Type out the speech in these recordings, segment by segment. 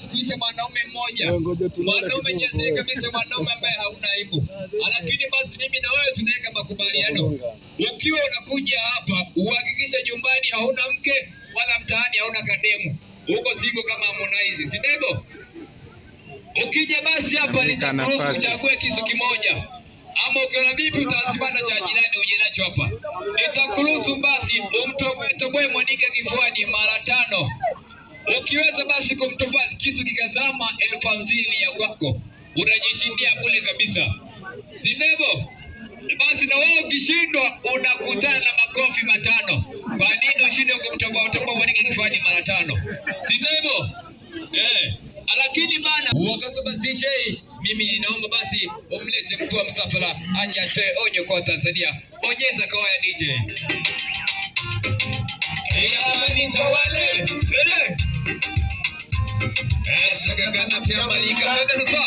Sikuite mwanaume mmoja, mwanaume jasiri kabisa, mwanaume ambaye hauna aibu. Lakini basi mimi na wewe tunaweka makubaliano, ukiwa unakuja hapa uhakikishe nyumbani hauna mke wala mtaani hauna kademu, huko siko kama Harmonize, si ndivyo? Ukija basi hapa nitakuruhusu uchague kisu kimoja, ama ukiona vipi utazipanda cha jirani uje nacho hapa, nitakuruhusu basi umtoboe mwanike kifuani mara tatu ukiweza basi kumtoboa kisu kikazama, elfu hamsini ya kwako unajishindia kule kabisa, si Basi na wewe ukishindwa, unakutana na makofi matano. Kwa nini ushinde kumtoboa? Utoboa kifani mara tano, si Eh, lakini bana wakati wakasema DJ, mimi ninaomba basi umlete mkuu wa msafara aje atoe onyo kwa Tanzania. Onyeza kwa ya DJ. Yeah, Hey, Essa gaganap ya balikan Ano ba?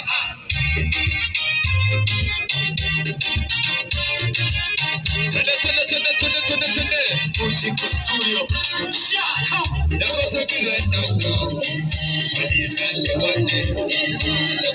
Tuna tuna tuna tuna tuna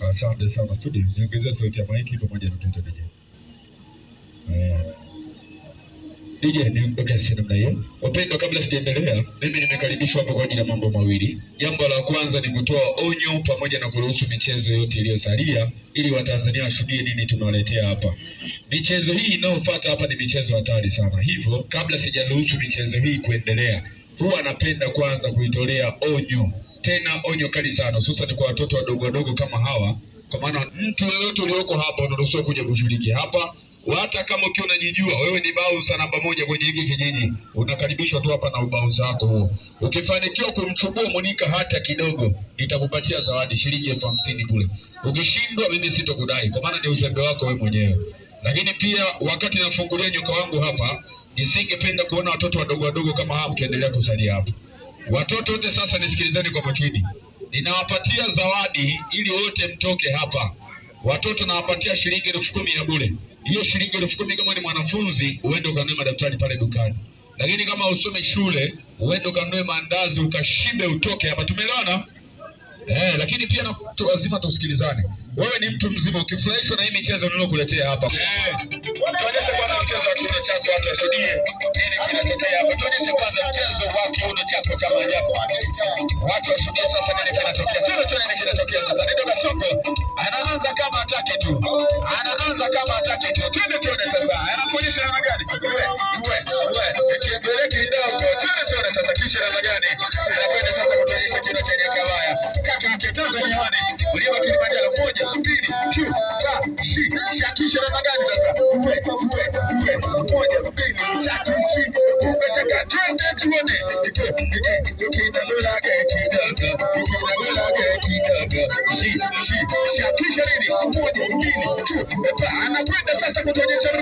Asante sana studio, niongezea sauti ya maiki pamoja na mtoto DJ. Eh. DJ niongeze namna hiyo. Wapendwa, kabla sijaendelea, mimi nimekaribishwa hapa kwa ajili ya mambo mawili. Jambo la kwanza ni kutoa onyo pamoja na kuruhusu michezo yote iliyosalia ili Watanzania washuhudie nini tunawaletea hapa. Michezo hii inayofuata hapa ni michezo hatari sana, hivyo kabla sijaruhusu michezo hii kuendelea huwa anapenda kwanza kuitolea onyo, tena onyo kali sana, hususani kwa watoto wadogo wadogo kama hawa, kwa maana mtu yeyote ulioko hapa unaruhusiwa kuja kushiriki hapa hata kama ukiwa unajijua wewe ni bausa namba moja kwenye hiki kijiji, unakaribishwa tu hapa na ubausa wako huo. Ukifanikiwa kumchukua Monika hata kidogo, nitakupatia zawadi shilingi elfu hamsini kule. Ukishindwa, mimi sitokudai, kwa maana ni uzembe wako wewe mwenyewe. Lakini pia wakati nafungulia nyoka wangu hapa Nisingependa kuona watoto wadogo wadogo kama hawa mkiendelea kusalia hapa. Watoto wote sasa, nisikilizeni kwa makini, ninawapatia zawadi ili wote mtoke hapa. Watoto nawapatia shilingi elfu kumi ya bure. Hiyo shilingi elfu kumi kama ni mwanafunzi uende ukanunue madaftari pale dukani, lakini kama usome shule uende ukanunue maandazi ukashibe utoke hapa. Tumeelewana? Eh, lakini pia na mtu wazima tusikilizane. Wewe ni mtu mzima ukifurahishwa na hii michezo nilokuletea hapa. Eh. Tuonyeshe kwanza mchezo wa kiuno chako watu washuhudie. Nini kinatokea hapa? Tuonyeshe kwanza mchezo wa kiuno chako kama ajabu. Watu washuhudie sasa nini kinatokea. Tuna tuna nini kinatokea sasa? Ndio kasoko. Anaanza kama atake tu. Anaanza kama atake tu. Twende tuone sasa. Anafundisha namna gani? Wewe, wewe. Kieleke kidogo. Twende tuone sasa kisha namna gani? kwenye wale ulieba Kilimanjaro moja mbili tatu shi shakisha na magari sasa moja mbili tatu shi twende tuone kidogo kidogo shi shi shakisha nini moja mbili anakwenda sasa kutuonyesha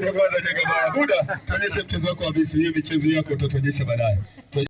moja kwanza, Jagabaya Buda, tuonyeshe mchezo wako wa bisi. Hii michezo yako utatuonyesha baadaye.